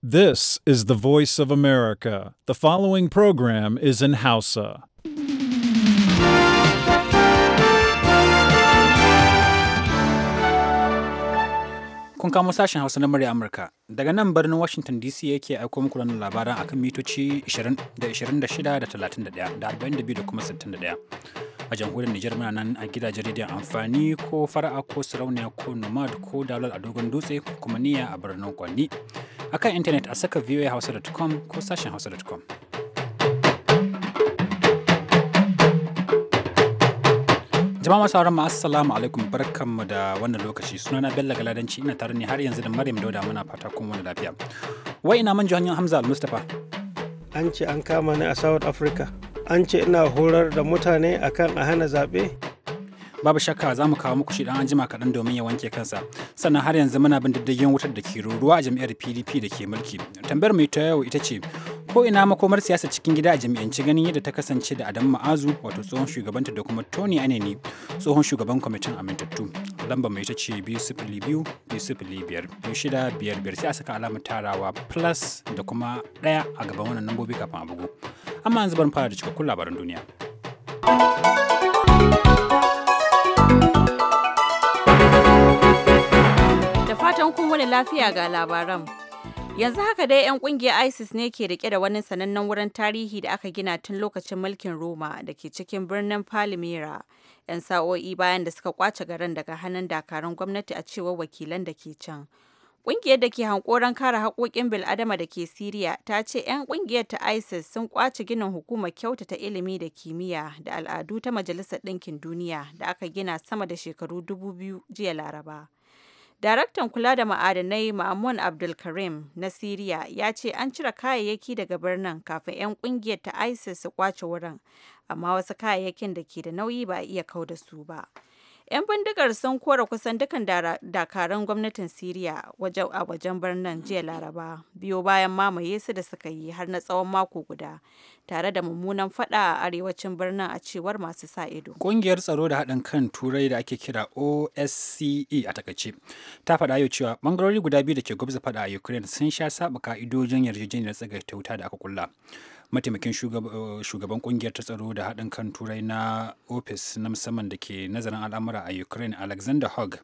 This is the voice of America. The following program is in Hausa. Kun kamo sashen Hausa na murya Amurka. Daga nan birnin Washington DC yake aiko muku wannan labaran akan mitoci 20 da 26 da 31 da 42 da kuma 61. a jamhuriyar Nijar muna nan a gidajen rediyon amfani ko fara'a ko sarauniya ko nomad ko dalar a dogon dutse kuma niya a birnin Kwanni. Akan intanet a saka voahausa.com ko sashen hausa.com. jama'a masu mu assalamu alaikum barkanmu da wannan lokaci sunana Bello galadanci ina tare ne har yanzu da maryam dauda muna fata kuma wani lafiya wai ina man hanyar hamza al-mustapha an ce an kama ni a south africa an ce ina horar da mutane akan a hana zaɓe babu shakka za mu kawo muku shi dan anjima kaɗan domin ya wanke kansa sannan har yanzu muna bin diddigin wutar da ke ruruwa a jam'iyyar pdp da ke mulki tambayar mai ta yau ita ce ko ina makomar siyasa cikin gida a jami'anci ganin yadda ta kasance da adamu ma'azu wato tsohon shugabanta da kuma tony aneni tsohon shugaban kwamitin amintattu lamba mai ita ce 2 0 sai a saka alamar tarawa plus da kuma ɗaya a gaban wannan lambobi kafin a bugu. Amma yanzu bari fara da cikakkun labaran duniya. Da fatan kun wani lafiya ga labaran. Yanzu haka dai 'yan kungiyar ISIS ne ke rike da wani sanannen wurin tarihi da aka gina tun lokacin mulkin Roma da ke cikin birnin Palmyra. 'yan sa'o'i bayan da suka kwace garin daga hannun dakarun gwamnati a cewar wakilan da ke can. Ƙungiyar da ke hankoran kare haƙoƙin bil'adama da ke Siriya ta ce 'yan ƙungiyar ta ISIS sun kwace ginin hukumar kyautata ilimi da kimiyya da al'adu ta Majalisar Ɗinkin Duniya da aka gina sama da shekaru dubu biyu jiya Laraba. Daraktan kula da ma'adanai Ma'amun Abdulkarim na Siriya ya ce an cire kayayyaki daga birnin kafin 'yan ƙungiyar ta ISIS su kwace wurin, amma wasu kayayyakin da ke da nauyi ba a iya kau da su ba. 'Yan bindigar sun kora kusan dukan dakarun gwamnatin Siriya a wajen birnin jiya Laraba, biyo bayan mamaye su da suka yi har na tsawon mako guda, tare da mummunan fada a arewacin birnin a cewar masu sa ido. Ƙungiyar tsaro da haɗin kan Turai da ake kira OSCE a takaice ta faɗa yau cewa bangarori guda biyu da ke gwabza fada a Ukraine sun sha saɓa ka'idojin yarjejeniyar tsagaita wuta da aka kulla. mataimakin eh, shugaban kungiyar ta tsaro da haɗin kan turai na ofis na musamman da ke nazarin al'amura a ukraine alexander hogg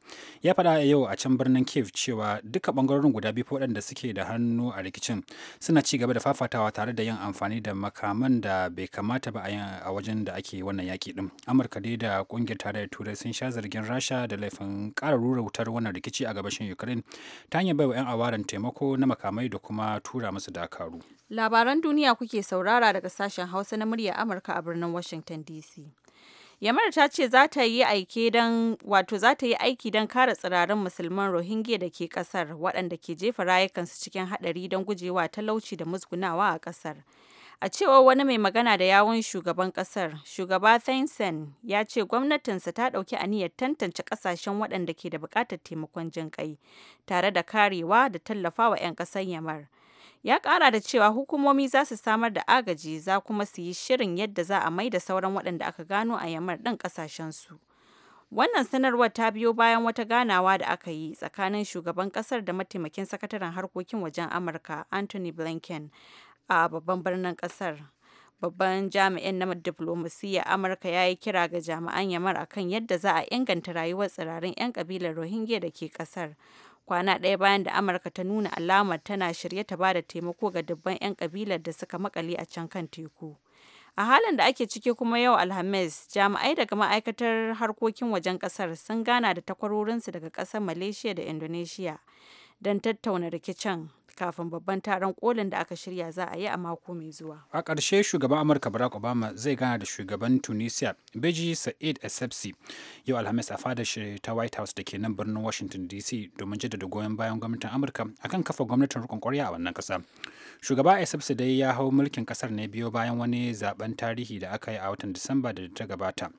ya faɗa a yau a can birnin kiev cewa duka ɓangarorin guda biyu waɗanda suke da hannu a rikicin suna ci gaba da fafatawa tare da yin amfani da makaman da bai kamata ba a wajen da ake wannan yaƙi ɗin amurka dai da kungiyar tarayyar turai sun sha zargin rasha da laifin ƙara rura wutar wannan rikici a gabashin ukraine ta hanyar baiwa 'yan awaran taimako na makamai da kuma tura musu dakaru labaran duniya kuke saurara daga sashen Hausa na murya Amurka a birnin Washington DC. Yamar ta ce za ta yi aiki don wato za ta yi aiki don kare tsirarin musulman Rohingya da ke kasar waɗanda ke jefa rayukansu cikin haɗari don gujewa talauci da musgunawa a kasar. A cewar wani mai magana da yawun shugaban kasar, shugaba Thainsen ya ce gwamnatinsa ta ɗauki aniyar tantance ƙasashen waɗanda ke da buƙatar taimakon jinƙai, tare da karewa da tallafawa 'yan ƙasar Yamar. ya kara da cewa hukumomi za su samar da agaji za kuma su yi shirin yadda za a mai da sauran waɗanda aka gano a yamar ɗin ƙasashen su wannan sanarwar ta biyo bayan wata ganawa da aka yi tsakanin shugaban ƙasar da mataimakin sakataren harkokin wajen amurka anthony blinken a babban birnin ƙasar babban jami'in na diflomasiyya amurka ya yi kira ga jami'an yamar akan yadda za a inganta rayuwar tsirarin 'yan kabilar rohingya da ke ƙasar kwana ɗaya bayan da amurka ta nuna alamar tana shirye ta bada taimako ga dubban 'yan kabilar da suka makale a can kan teku a halin da ake ciki kuma yau alhamis jami'ai daga ma'aikatar harkokin wajen kasar sun gana da takwarorinsu daga kasar malaysia da indonesia don tattauna rikicin kafin babban taron kolin da aka shirya za a yi a mako mai zuwa. A ƙarshe shugaban Amurka Barack Obama zai gana da shugaban Tunisia Beji Sa'id Essebsi yau Alhamis a fadar shi ta White House da ke nan birnin Washington DC domin jaddada goyon bayan gwamnatin Amurka akan kafa gwamnatin rikon ƙwarya a wannan ƙasa. Shugaba Essebsi dai ya hau mulkin ƙasar ne biyo bayan wani zaben tarihi da aka yi a watan Disamba da ta gabata.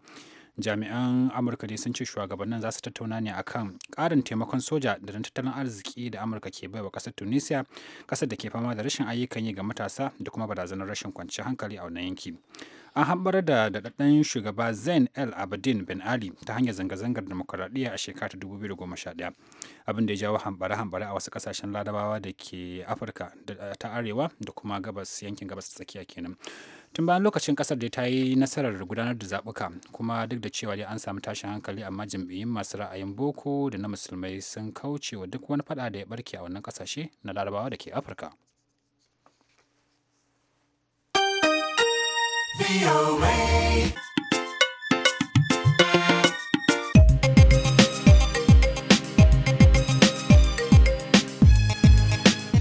jami'an amurka dai sun ce shugabannin za su tattauna ne akan karin taimakon soja da na tattalin arziki da amurka ke baiwa kasar tunisia kasar da ke fama da rashin ayyukan yi ga matasa da kuma barazanar rashin kwanciyar hankali a wannan yanki an haɓar da daɗaɗɗen shugaba zain el abidin ben ali ta hanyar zanga-zangar demokuraɗiyya a shekara ta 2011 abin da ya jawo hambare-hambare a wasu ƙasashen larabawa da ke afirka ta arewa da kuma gabas yankin gabas tsakiya kenan tun bayan lokacin kasar da ta yi nasarar gudanar da zabuka kuma duk da cewa dai an samu tashin hankali amma jam'iyyun masu ra'ayin boko da na musulmai sun kauce wa duk wani fada da ya barke a wannan kasashe na larabawa da ke afirka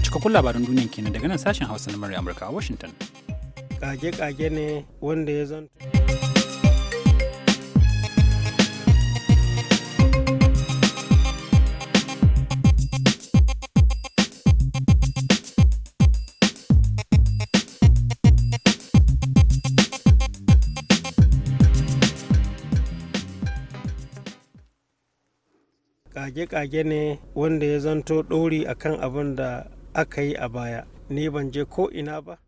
cikakkun labarin duniya kenan daga nan sashen hausa na murya amurka a washington kage-kage ne wanda ya zanto. kage-kage ne wanda ya zanto ɗori akan abin da aka yi a baya ni ban je ko ina ba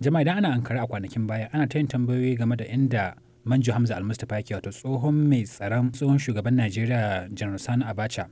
jama'a idan ana ankara a kwanakin baya ana ta yin tambayoyi game da inda manju hamza almustapha yake wato tsohon mai tsaron tsohon shugaban najeriya janar sani abacha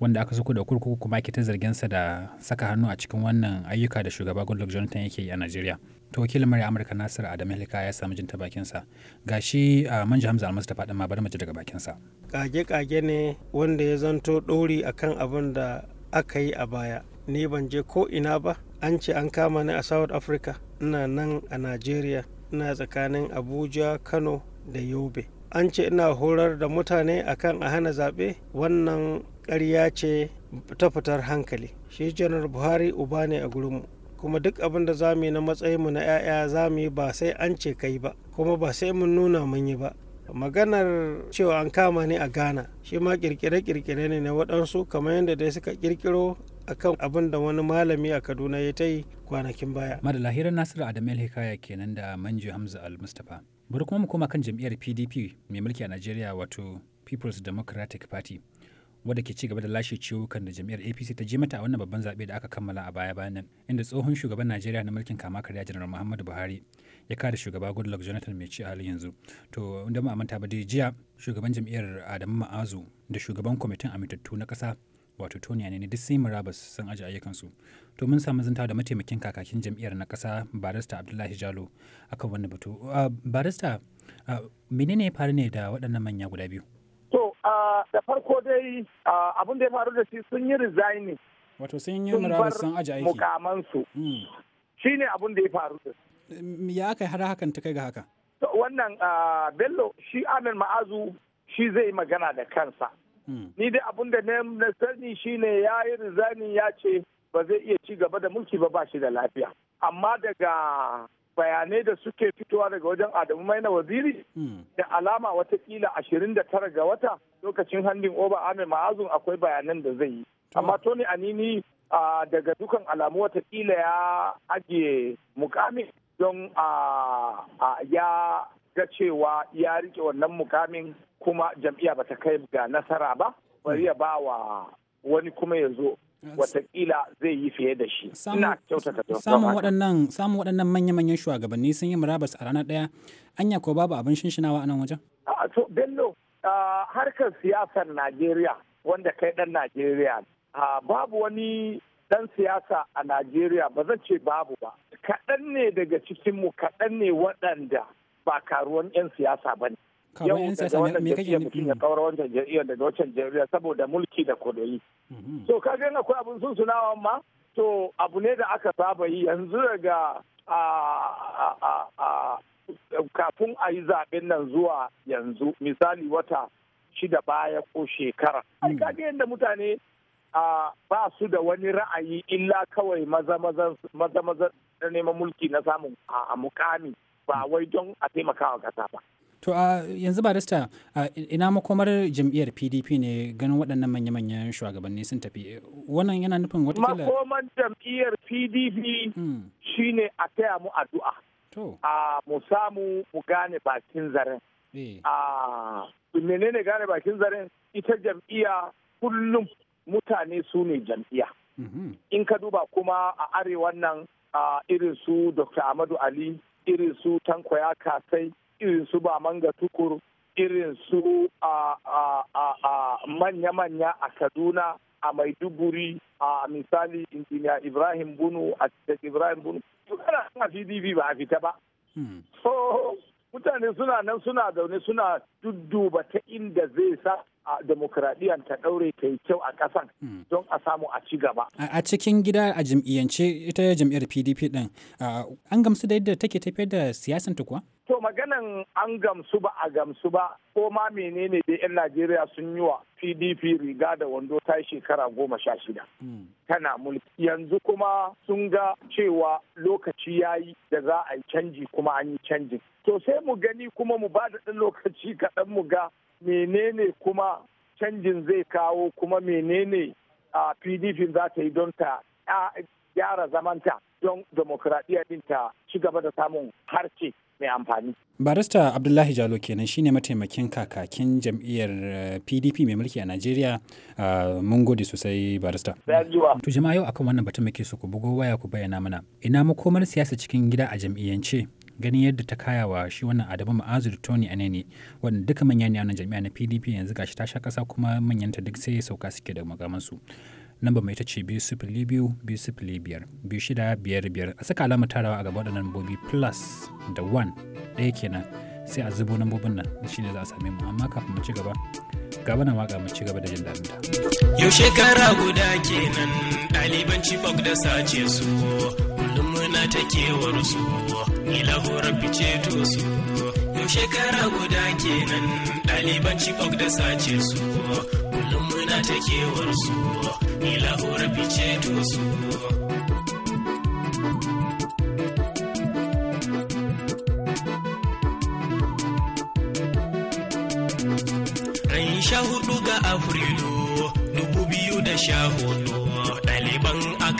wanda aka suko da kurkuku kuma ake ta zarginsa da saka hannu a cikin wannan ayyuka da shugaba goodluck jonathan yake yi a najeriya to wakilin murya amurka nasir adam hilka ya samu jin ta bakinsa ga shi a manji hamza almustapha din ma bari mu ji daga bakinsa kage-kage ne wanda ya zanto ɗori akan abin da aka yi a baya ni ban je ko ina ba an ce an kama ni a south africa ina nan a najeriya ina tsakanin abuja kano da yobe an ce ina horar da mutane akan a hana zaɓe wannan ƙarya ce ta fitar hankali shi janar buhari uba ne a gurinmu kuma duk abin da zamu yi na matsayinmu na 'ya'ya zamu yi ba sai an ce kai ba kuma ba sai mun nuna mun yi ba maganar cewa an kama ne a ghana shi ma kirkire-kirkire ne na waɗansu kamar yadda dai suka kirkiro akan abin da wani malami a kaduna ya ta yi kwanakin baya madala hirar nasiru adamu hikaya kenan da manju hamza al mustapha bari kuma mu koma kan jam'iyyar pdp mai mulki a najeriya wato people's democratic party wadda ke ci gaba da lashe ciwukan da jam'iyyar apc ta je mata a wannan babban zaɓe da aka kammala a baya bayan nan inda tsohon shugaban najeriya na mulkin kama karya janar muhammadu buhari ya kada shugaba goodluck jonathan mai ci a halin yanzu to inda ma amanta ba dai jiya shugaban jam'iyyar adamu ma'azu da shugaban kwamitin amintattu na ƙasa wato tony ne duk sai yi murabus sun aji ayyukansu to mun samu zanta da mataimakin kakakin jam'iyyar na ƙasa barista abdullahi jalo akan wannan batu ah, barista ah, menene ya faru ne da waɗannan manya guda biyu to ah, da farko dai abin da ya faru da shi sun yi resigning wato sun yi murabus sun aji aiki mukamansu hmm. shine abin da ya faru da shi. Mm, ya aka har hakan ta kai ga haka wannan bello shi amin ma'azu shi zai magana da kansa Hmm. ni dai abin da na sani shine ya yi rizani ya ce ba zai iya ci gaba da mulki ba ba shi da lafiya amma daga bayanai da suke fitowa daga wajen adamu maina waziri hmm. da alama watakila ashirin da tara ga wata lokacin handin oba ame ma'azun akwai bayanan da zai yi amma tony anini daga dukan alamu watakila ya ajiye mukamin don ya ga cewa ya rike wannan mukamin kuma jam'iyya ba ta kai ga nasara ba bari ya ba wa wani kuma ya zo watakila zai yi fiye da shi ina kyautata da samun waɗannan manya-manyan shugabanni sun yi murabas a ranar ɗaya anya ko babu abin shinshinawa a nan wajen to bello harkar siyasar najeriya wanda kai ɗan najeriya babu wani ɗan siyasa a najeriya ba zan ce babu ba kaɗan ne daga cikinmu kaɗan ne waɗanda ba karuwan 'yan siyasa ba ne kamar yan siyasa me kake nufi ya kawar wancan jam'iyyar daga wancan jam'iyyar saboda mulki da kudayi so mhm. ka ga akwai abun sun sunawa ma to abu ne da aka saba yi yanzu daga kafin a yi zaɓen nan zuwa yanzu misali wata shida baya ko shekara ai ga hmm. yadda mutane ba su da wani ra'ayi illa kawai maza maza na neman mulki na samun a mukami ba hmm. wai don a taimakawa kasa ba To a yanzu barista ina makomar jam'iyyar PDP ne ganin waɗannan manya-manyan shugabanni sun tafi. Wannan yana nufin kila Makomar jam'iyyar PDP hmm. shine a taya mu addu'a. To. A mu samu mu gane bakin zaren. Eh. A menene gane bakin zaren ita jam'iyya kullum mutane su ne jam'iyya. Mm-hmm. In ka duba kuma a arewa nan irin su Dr. Ahmadu Ali, irin su Tanko Kasai, irin su ba manga tukur irin su a manya-manya a kaduna a maiduguri a misali injiniya ibrahim bunu a ibrahim bunu suna a pdp ba a fita ba hmm. so mutane suna nan suna zaune suna dudduba ta inda zai sa a demokradiyyar ta ɗaure ta yi kyau a kasan. Hmm. don a samu a ci gaba. A cikin gida a jam'iyyance ita jam'iyyar PDP ɗin an gamsu da yadda take tafiyar da siyasan ta kuwa? To maganan an gamsu ba a gamsu ba ko ma menene da 'yan Najeriya sun yi wa PDP riga da wando ta shekara goma sha shida. Hmm. Tana mulki yanzu kuma sun ga cewa lokaci ya yi da za a yi canji kuma an yi canjin. to sai mu gani kuma mu ba da ɗan lokaci kaɗan mu ga menene kuma canjin zai kawo kuma menene a pdp za ta yi don ta gyara zamanta don demokradiyya din ta ci gaba da samun harce mai amfani. barista abdullahi jalo kenan shine mataimakin kakakin jam'iyyar pdp eh, mai mulki a nigeria ah, mun gode sosai barista to jama'a yau akan wannan batun muke so ku bugo waya ku bayyana mana ina makomar siyasa cikin gida a jam'iyyance gani yadda ta kaya wa shi wannan adamu ma'azir da tony anene wadanda duka manyan yanar jami'a na pdp yanzu gashi ta sha kasa kuma manyanta duk sai sauka suke da makamansu namba mai ta ce biyu sifili biyu biyu sifili biyar biyu shida biyar biyar a saka alamar tarawa a gaba waɗannan bobi plus da one ɗaya kenan sai a zubo nambobin nan shi ne za a same mu amma kafin mu ci gaba gaba na waka mu ci gaba da jin daɗin ta. yau shekara guda kenan ɗaliban chibok da sace su ta kewar su ilahu rabbi ceto su yau shekara guda kenan ɗaliban cibok da sace su kullum muna ta kewar su ilahu rabbi ceto su Ran sha hudu ga Afrilu dubu biyu da sha hudu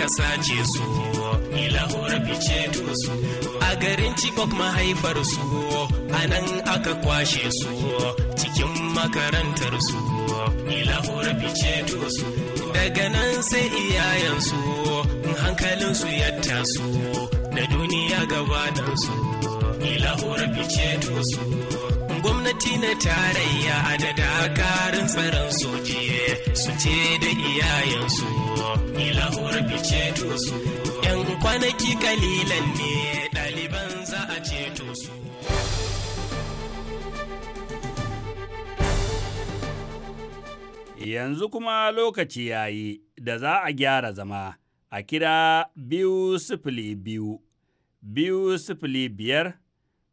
aka sace su ilahura fice to su a garin chibok mahaifar su a nan aka kwashe su cikin makarantar su ilahura fice to su daga nan sai iyayen iyayensu hankalin su ya taso da duniya gabatar su ilahura fice to su gwamnati na tarayya da dakarun tsaron soji su ce da iyayensu ilahuwar bice to su yan kwanaki kalilan ne ɗaliban za a ce to su yanzu kuma lokaci yayi da za a gyara zama a kira biyu sifili biyu biyu sifili biyar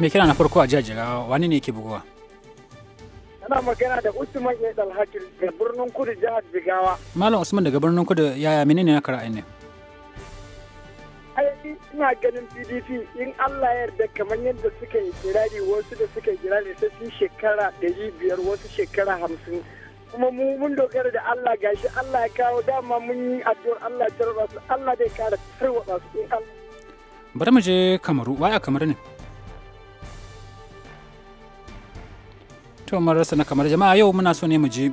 me kira na farko a jajira wani ne ke bugowa ana magana da usman ya dalhaki da birnin kudu jihar jigawa malam usman daga birnin kudu yaya menene na kara'ayi ne ina ganin pdp in allah yarda kamar yadda suka yi kirari wasu da suka yi kirari sai sun shekara ɗari biyar wasu shekara hamsin kuma mu mun dogara da allah gashi allah ya kawo dama mun yi addu'ar allah ya tarwatsa allah zai kara tarwatsa su in allah bari mu je kamaru waya kamar ne to marasa na kamar jama'a yau muna so ne mu je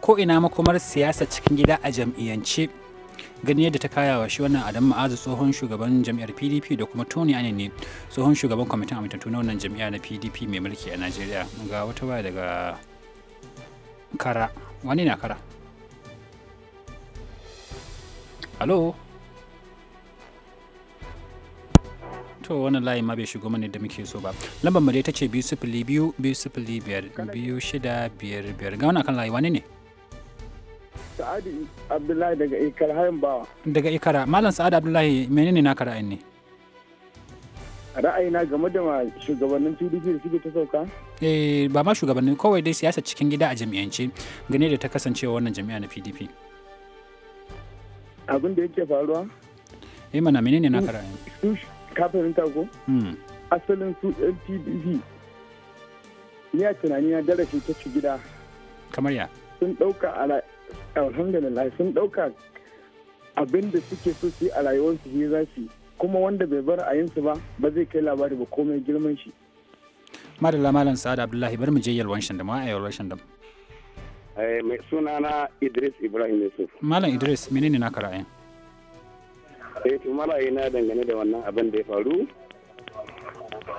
ko ina makomar siyasa cikin gida a jam'iyyance gani yadda ta kayawa shi wannan adam ma'azu tsohon shugaban jam'iyyar pdp da kuma tony ne tsohon shugaban kwamitin amintattu na wannan jam'iyya na pdp mai mulki a najeriya ga wata waya daga kara wani na kara to wannan layi ma bai shigo mana da muke so ba lambar mare ta ce biyu sifili biyu biyu sifili biyar biyu shida biyar biyar ga wani akan layi wani ne sa'adu abdullahi daga ikara hayan bawa daga ikara malam sa'adu abdullahi menene na kara ne ra'ayina game da ma shugabannin pdp da suke ta sauka eh ba ma shugabannin kawai dai siyasa cikin gida a jami'ance gane da ta kasancewa wannan jami'a na pdp abin da yake faruwa eh mana menene na kara ne ka ko hmm. asalin su ltv pdp ni a tunani na darasi ta ci gida kamar ya sun dauka alhamdulillah sun dauka abin da suke so su yi a rayuwarsu ne za su kuma wanda bai bar a yinsu ba ba zai kai labari ba komai girman shi madalla malam sa'ad abdullahi bar mu je yalwan shandam a yalwan shandam eh, mai suna na idris ibrahim yusuf malam idris menene naka ra'ayin sai kuma na dangane da wannan abin da ya faru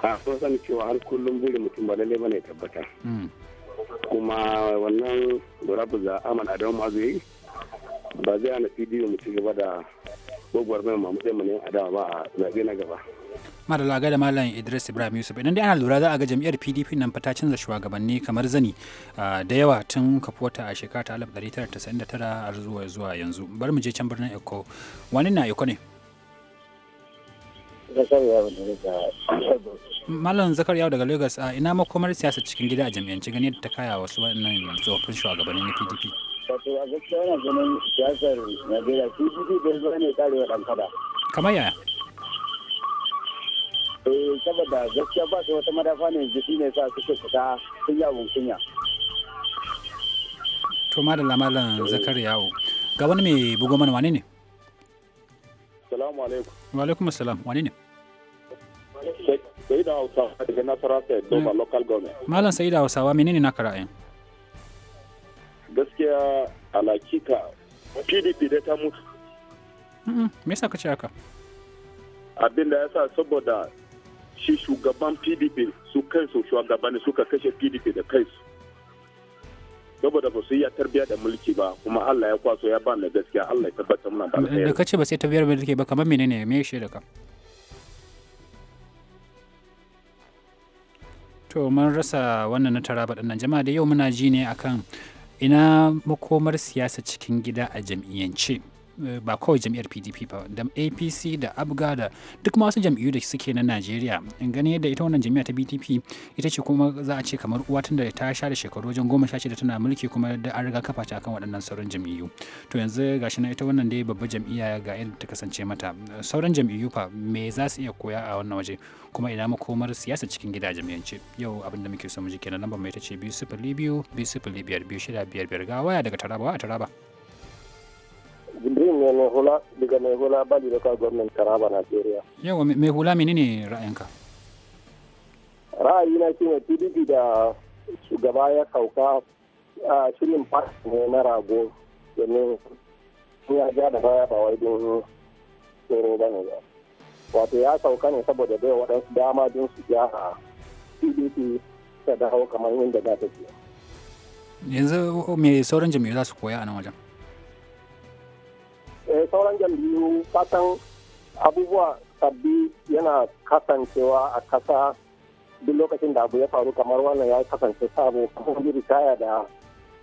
a san cewa har kullum buri mutum ba lalle bane tabbata hmm. kuma wannan rabu za aman adam mazu yi ba zai hana pdp mu ci gaba da gwagwar mai mamu ɗaya mu ne adawa ba a zaɓe na gaba madalla ga da malam idris ibrahim yusuf idan dai ana lura za a ga jam'iyyar pdp nan fa ta canza shugabanni kamar zani da yawa tun kafuwata a shekara ta 1999 har zuwa yanzu bar mu je can birnin eko wani na eko ne Malam Zakar daga Lagos a ina makomar siyasa cikin gida a jam'iyyance gani da ta kaya wasu wannan tsofaffin shugabannin PDP. Wato a gaskiya yana ganin siyasar ne eh, ne Zakar ga wani mai bugo mana wane ne? Salamu alaikum. Wa alaikum assalam wane ne? Sa'ida Hausawa daga Nasara ta Doba mm. local government. Malam Sa'ida Hausawa menene naka ra'ayin? Gaskiya alakika PDP da ta mutu. Me yasa ka ce haka? Abin da ya sa saboda shi shugaban PDP su kansu shugabanni suka kashe PDP da kansu. saboda ba su yi tarbiyya da mulki ba kuma Allah ya kwaso ya ba da gaskiya Allah ya tabbatar mana da alheri da kace ba sai tarbiyar mulki ba kamar menene me ya shaida ka to mun rasa wannan na taraba ɗan jama'a da yau muna ji ne akan ina makomar siyasa cikin gida a jam'iyyance Eh, ba kawai jam'iyyar pdp ba da apc da abga da duk masu jam'iyyu da suke na najeriya in gani da ita wannan jam'iyyar ta pdp ita ce kuma za a ce kamar uwa tun da ta sha da shekaru wajen goma sha shida tana mulki kuma da an riga kafa ta kan waɗannan sauran jam'iyyu to yanzu gashi na ita wannan dai babba jam'iyya ga yadda ta kasance mata sauran jam'iyyu fa me za su iya koya a wannan waje kuma ina makomar siyasa cikin gida jam'iyyance yau abin da muke so mu ji kenan lambar mai ta ce biyu sifili biyu biyu sifili biyar biyu shida biyar biyar ga waya daga taraba a taraba. Jibrin ne mai hula daga mai hula bali da kawai gwamnan Taraba Najeriya. Yawa mai hula ne ra'ayinka? ra'ayi na shi ne PDP da shugaba ya kauka a shirin park ne na rago domin ya ja da baya ba wai don tsoro ba ne ba. Wato ya sauka ne saboda bai waɗansu dama don su a PDP ta dawo kamar yadda za ta ce. Yanzu mai sauran jami'u za su koya a nan wajen? sauran jam'iyyu fatan abubuwa sabbi yana kasancewa a kasa duk lokacin da abu ya faru kamar wannan ya kasance sabo kuma ritaya da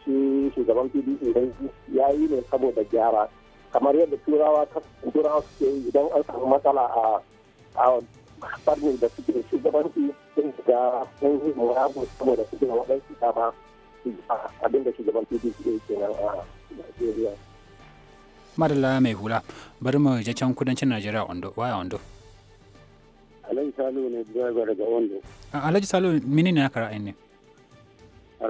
shi shugaban pdp ya yi ne saboda gyara kamar yadda turawa turawa suke yi idan an samu matsala a a farnin da suke shugabanci sun ga sun yi murabu saboda suke waɗansu dama abin da shugaban pdp ke kenan a najeriya madalla mai hula bari mu je can kudancin najeriya ondo waya ondo alhaji salo ne driver daga ondo alhaji salo mini ne aka ra'ayin ne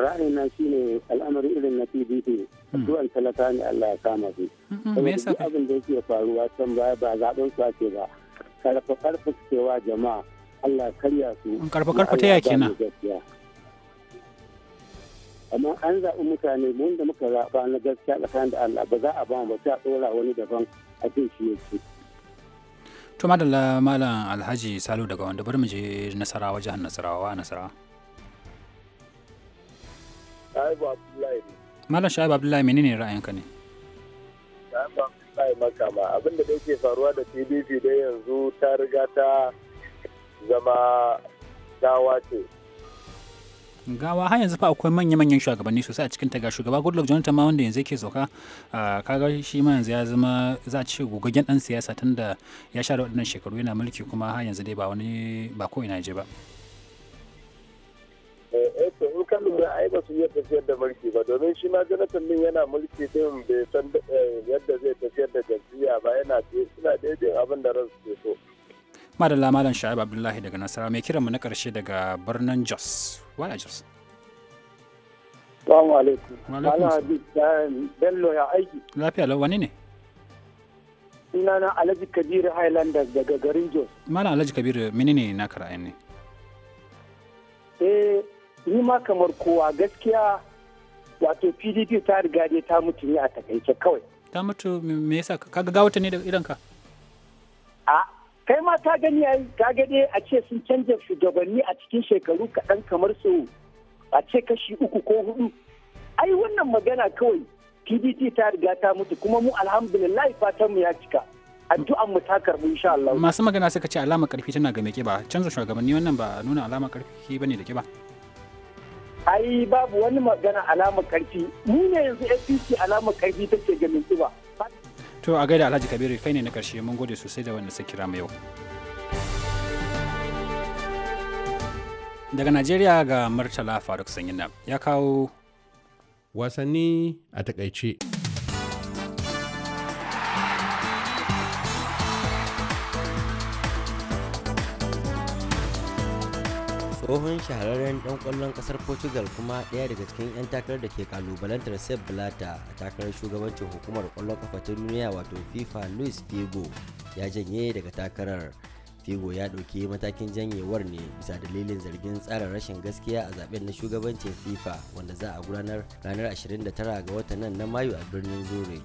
ra'ayina shine al'amari irin na pdp Zuwan hmm. talaka ne allah ya kama su hmm, hmm, me yasa abin da yake faruwa can baya ba zaben su ake ba karfa karfa cewa jama'a allah karya su karfa karfa ta yake na amma an zaɓi mutane wanda muka zaɓa na gaskiya tsakanin da Allah ba za a ba ba ta ɗora wani daban a cikin shi yake. To madalla malam Alhaji Salo daga wanda bari mu je Nasarawa jihar Nasarawa Nasarawa. Shaibu Abdullahi Malam Shaibu Abdullahi menene ra'ayinka ne? Shaibu Abdullahi makama abin da yake faruwa da PDP dai yanzu ta riga ta zama dawa ce. gawa har yanzu fa akwai manya-manyan shugabanni sosai a cikin ta ga shugaba goodluck jonathan ma wanda yanzu yake sauka ah, kaga shi ma yanzu ya zama za a ce gogaggen dan siyasa tun da ya share waɗannan shekaru yana mulki kuma har yanzu dai ba wani ba ko ina je ba eh, to in ka lura ai ba su iya tafiyar da mulki ba domin shi ma jonathan din yana mulki din bai san eh, yadda zai tafiyar da jam'iyya ba yana suna daidai abin da ransu ke so madalla malam sha'ib abdullahi daga nasara mai kiran mu na karshe daga birnin jos waya jos Salamu alaikum. Malam Habib Bello ya aiki. Lafiya lau wani ne? Suna na Alhaji kabir Highlanders daga garin Jos. Malam Alhaji Kabir Kabiru menene na ra'ayin ne? Eh, ni ma kamar kowa gaskiya wato PDP ta riga dai ta mutu ne a takaice kawai. Ta mutu me yasa ka ga gawata ne da idanka? ka? kai ma ta gani yayi ka a ce sun canza shugabanni a cikin shekaru kaɗan kamar su a ce kashi uku ko hudu ai wannan magana kawai pdt ta riga ta mutu kuma mu alhamdulillah fatanmu ya cika addu'an mu ta karbu insha Allah masu magana suka ce alama karfi tana ga ba canza shugabanni wannan ba nuna alama karfi bane da ke ba ai babu wani magana alama karfi mu ne yanzu APC alama karfi take ga ba to a gaida alhaji kabiru kai ne na karshe mun gode sosai da wanda suka kira mu yau daga najeriya ga martala faruk sanyina ya kawo wasanni a takaice tsohon shahararren dan kwallon kasar portugal kuma ɗaya daga cikin 'yan takarar da ke kalubalantar sepp blatter a takarar shugabancin hukumar kwallon ƙafa ta duniya wato fifa luis figo ya janye daga takarar figo ya ɗauki matakin janyewar ne bisa dalilin zargin tsara rashin gaskiya a zaben na shugabancin fifa wanda za a gudanar ranar 29 ga watan nan na mayu a birnin zurich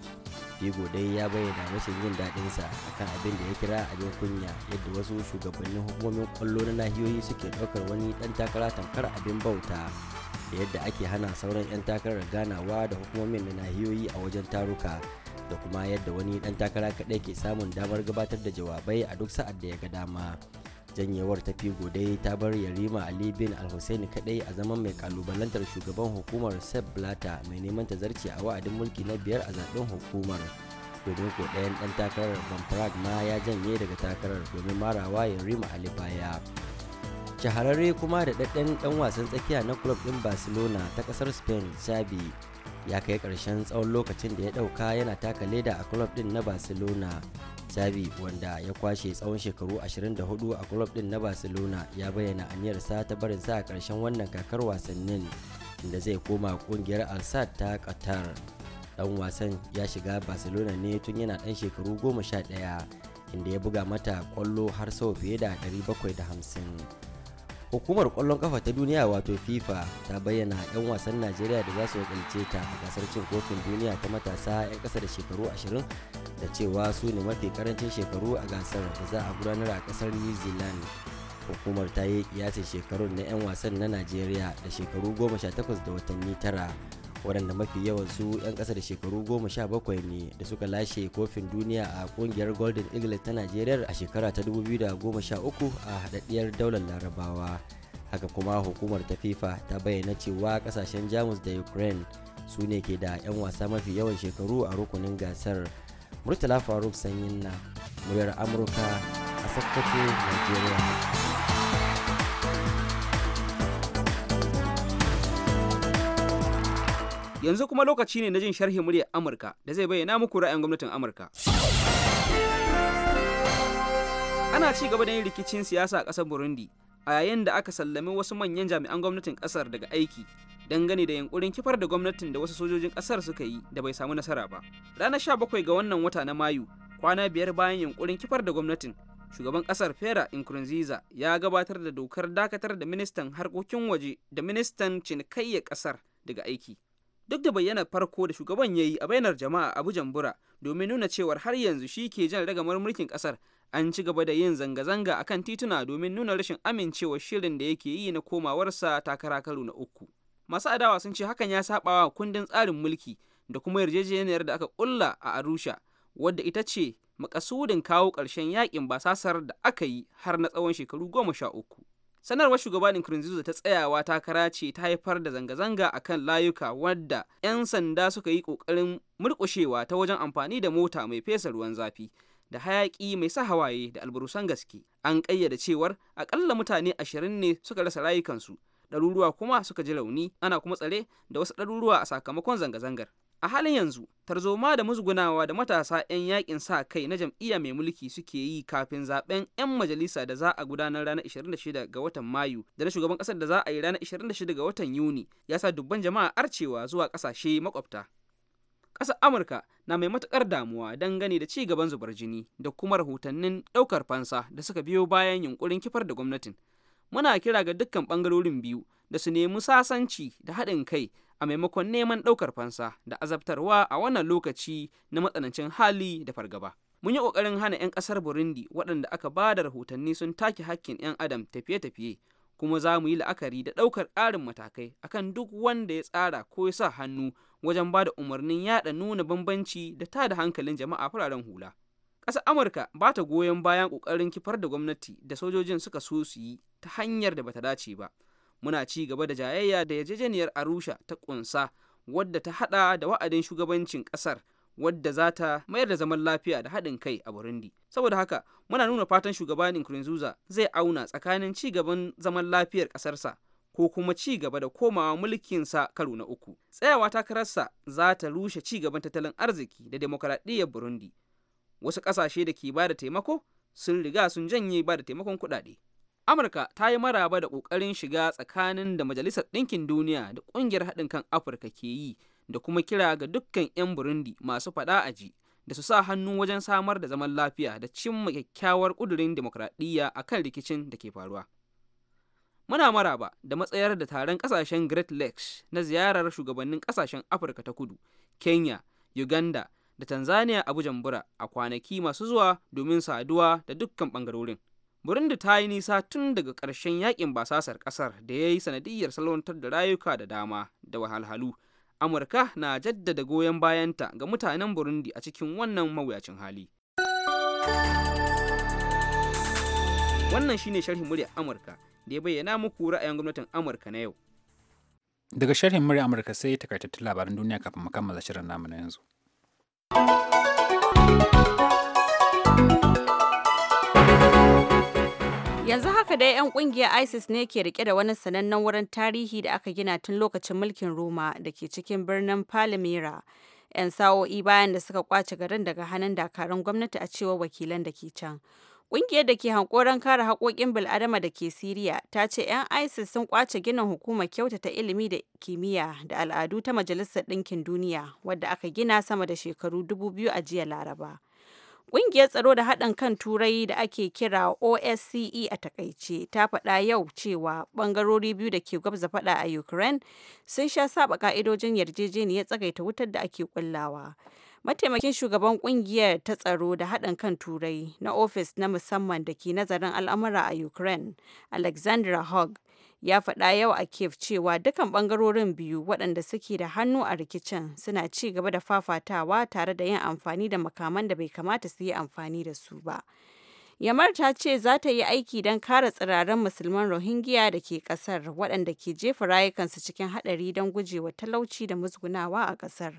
figo dai ya bayyana rashin jin daɗinsa kan abin da ya kira abin kunya yadda wasu shugabannin hukumomin kwallo na nahiyoyi suke ɗaukar wani ɗan takara tamkar abin bauta da yadda ake hana sauran 'yan takarar ganawa da hukumomin na nahiyoyi a wajen taruka da kuma yadda wani dan takara kaɗai ke samun damar gabatar da jawabai a duk sa'ad da ya ga dama janyewar ta gode godai ta bar yarima ali bin Al-Hussein kaɗai a zaman mai kalubalantar shugaban hukumar sep blata mai neman ta zarce a wa'adin mulki na biyar a zaben hukumar domin ko ɗayan ɗan takarar prague ma ya janye daga takarar domin marawa yarima ali baya shahararre kuma da ɗaɗɗen ɗan wasan tsakiya na club ɗin barcelona ta ƙasar spain xavi ya kai ƙarshen tsawon lokacin da ya ɗauka yana taka leda a club ɗin na barcelona Xavi wanda ya kwashe tsawon shekaru 24 a club ɗin na barcelona ya bayyana aniyarsa ta barin sa a karshen wannan kakar wasannin inda zai koma ƙungiyar alsat ta qatar ɗan wasan ya shiga barcelona ne tun yana ɗan shekaru 11 inda ya buga mata ƙwallo har sau fiye da 750 hukumar kwallon kafa ta duniya wato fifa ta bayyana 'yan wasan najeriya da za su wakilce ta a gasar cin kofin duniya ta matasa 'yan ƙasa da shekaru 20 da cewa su ne mafi karancin shekaru a gasar da za a gudanar a ƙasar new zealand hukumar ta yi kiyasin shekarun na 'yan wasan na najeriya da shekaru 18 da watanni tara waɗanda mafi yawan su 'yan ƙasa da shekaru goma sha bakwai ne da suka lashe kofin duniya a ƙungiyar golden eagles ta nigeria a shekara ta sha uku a haɗaɗɗiyar daular larabawa haka kuma hukumar ta fifa ta bayyana cewa ƙasashen jamus da ukraine su ne ke da 'yan wasa mafi yawan shekaru a rukunin gasar murtala faruk sanyin na muryar amurka a sakkwato nigeria Yanzu kuma lokaci ne na jin sharhin muryar Amurka da zai bayyana muku ra'ayin gwamnatin Amurka. Ana ci gaba da yin rikicin siyasa a ƙasar Burundi a yayin da aka sallami wasu manyan jami'an gwamnatin ƙasar daga aiki dangane da yankurin kifar da gwamnatin da wasu sojojin ƙasar suka yi da bai samu nasara ba. Ranar bakwai ga wannan wata na Mayu, kwana biyar bayan yankurin kifar da gwamnatin, shugaban ƙasar fera nkurunziza ya gabatar da dokar dakatar da ministan harkokin waje da ministan Cinikayya Ƙasar daga aiki duk da bayyanar farko da shugaban ya yi a bainar jama'a abu jambura domin nuna cewar har yanzu shi ke jan ragamar mulkin kasar an ci gaba da yin zanga-zanga a kan tituna domin nuna rashin amincewar shirin da yake yi na komawarsa takara karo na uku masu adawa sun ce hakan ya sabawa kundin tsarin mulki da kuma yarjejeniyar da aka kulla a arusha wadda ita ce makasudin kawo ƙarshen yakin basasar da aka yi har na tsawon shekaru goma sha uku sanarwar shugabanin Nkurunziza ta tsayawa takara ce ta haifar da zanga-zanga a kan layuka wadda 'yan sanda suka yi ƙoƙarin murƙushewa ta wajen amfani da mota mai fesa ruwan zafi da hayaƙi mai sa hawaye da alburusan gaske an ƙayyade cewar aƙalla mutane ashirin ne suka rasa rayukansu ɗaruruwa kuma suka ji rauni ana kuma tsare da wasu ɗaruruwa a sakamakon zanga-zangar a halin yanzu tarzoma da musgunawa da matasa 'yan yakin sa kai na jam'iyya mai mulki suke yi kafin zaben 'yan majalisa da za a gudanar ranar 26 ga watan mayu da na shugaban kasar da za a yi ranar 26 ga watan yuni ya sa dubban jama'a arcewa zuwa kasashe makwabta ƙasar amurka na mai matuƙar damuwa don gani da ci gaban zubar jini da kuma rahotannin ɗaukar fansa da suka biyo bayan yunkurin kifar da gwamnatin muna kira ga dukkan ɓangarorin biyu da su nemi sasanci da haɗin kai a maimakon neman ɗaukar fansa da azabtarwa a wannan lokaci na matsanancin hali da fargaba. Mun yi ƙoƙarin hana 'yan ƙasar Burundi waɗanda aka ba da rahotanni sun take hakkin 'yan adam tafiye-tafiye kuma za mu yi la'akari da ɗaukar ƙarin matakai akan duk wanda ya tsara ko ya sa hannu wajen ba da umarnin yaɗa nuna bambanci da ta da hankalin jama'a fararen hula. ƙasar amurka ba ta goyon bayan ƙoƙarin kifar da gwamnati da sojojin suka so su yi ta hanyar da bata dace ba muna ci gaba da jayayya da yarjejeniyar arusha ta kunsa wadda ta hada da wa'adin shugabancin kasar wadda za ta mayar da zaman lafiya da haɗin kai a burundi saboda haka muna nuna fatan shugabanin kurinzuza zai auna tsakanin ci gaban zaman lafiyar ƙasarsa ko kuma ci gaba da komawa mulkin sa karo na uku tsayawa takararsa za ta rushe ci gaban tattalin arziki da demokaradiyyar burundi wasu ƙasashe da ke bada taimako sun riga sun janye ba da taimakon kuɗaɗe amurka ta yi maraba da ƙoƙarin shiga tsakanin da majalisar ɗinkin duniya da ƙungiyar haɗin kan afirka ke yi da kuma kira ga dukkan 'yan burundi masu faɗa a ji da su sa hannu wajen samar da zaman lafiya da cimma kyakkyawar ƙudurin dimokuraɗiyya a kan rikicin da ke faruwa muna maraba da matsayar da taron ƙasashen great lakes na ziyarar shugabannin ƙasashen afirka ta kudu kenya uganda da tanzania a bura a kwanaki masu zuwa domin saduwa da dukkan ɓangarorin Burundi ta yi nisa tun daga ƙarshen yakin basasar ƙasar da ya yi sanadiyyar salwantar da rayuka da dama da wahalhalu. Amurka na jaddada goyon bayanta ga mutanen Burundi a cikin wannan mawuyacin hali. Wannan ne sharhin muryar Amurka da ya bayyana muku ra'ayin gwamnatin Amurka na yau. Daga sharhin muryar Amurka sai takaitattun labaran duniya kafin mu kammala shirin namu na yanzu. Yanzu haka dai 'yan kungiyar ISIS ne ke rike da wani sanannen wurin tarihi da aka gina tun lokacin mulkin Roma da ke cikin birnin Palmyra. 'Yan sa'o'i bayan da suka kwace garin daga hannun dakarun gwamnati a cewa wakilan da ke can. Ƙungiyar da ke hankoron kare haƙoƙin bil'adama da ke Siriya ta ce 'yan ISIS sun kwace ginin hukumar kyautata ilimi da kimiyya da al'adu ta Majalisar Ɗinkin Duniya wadda aka gina sama da shekaru dubu biyu a jiya Laraba. Ƙungiyar tsaro da haɗin kan Turai da ake kira OSCE a takaice ta faɗa yau cewa ɓangarori biyu da ke gwabza faɗa a Ukraine sun sha saba ka'idojin yarjejeniyar tsagaita wutar da ake kullawa. Mataimakin shugaban ƙungiyar ta tsaro da haɗin kan Turai na ofis na musamman da ke nazarin al'amura a Ukraine, Alexandra Hogg, ya faɗa yau a Kiev cewa dukan ɓangarorin biyu waɗanda suke da hannu a rikicin suna ci gaba da fafatawa tare da yin amfani da makaman da bai kamata su yi amfani da su ba. Yamar ta ce za ta yi aiki don kare tsiraren musulman Rohingya da ke ƙasar waɗanda ke jefa rayukansu cikin haɗari don gujewa talauci da musgunawa a ƙasar.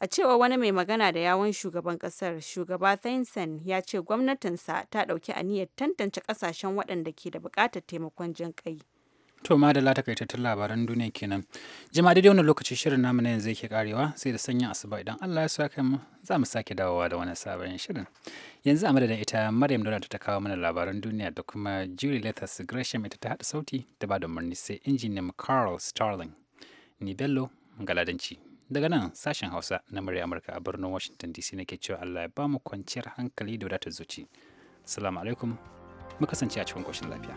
A cewa wani mai magana da yawon shugaban ƙasar, shugaba Thainson ya ce gwamnatinsa ta ɗauki aniyar tantance ƙasashen waɗanda ke da buƙatar taimakon jin ƙai. To madalla takaitattun labaran duniya kenan. Jama'a daidai wannan lokaci shirin namu na yanzu yake karewa sai da sanyin asuba idan Allah ya saka mu za mu sake dawowa da wani sabon shirin. Yanzu a madadin ita Maryam Dauda ta kawo mana labaran duniya da kuma Julie Lethas Gresham ita ta haɗa sauti da ba da murni sai injiniyan Carl Starling. Ni Bello Galadanci. Daga nan sashen Hausa na murya Amurka a birnin Washington DC ke cewa Allah ya ba mu kwanciyar hankali da wadatar zuci. Assalamu alaikum. Mu kasance a cikin koshin lafiya.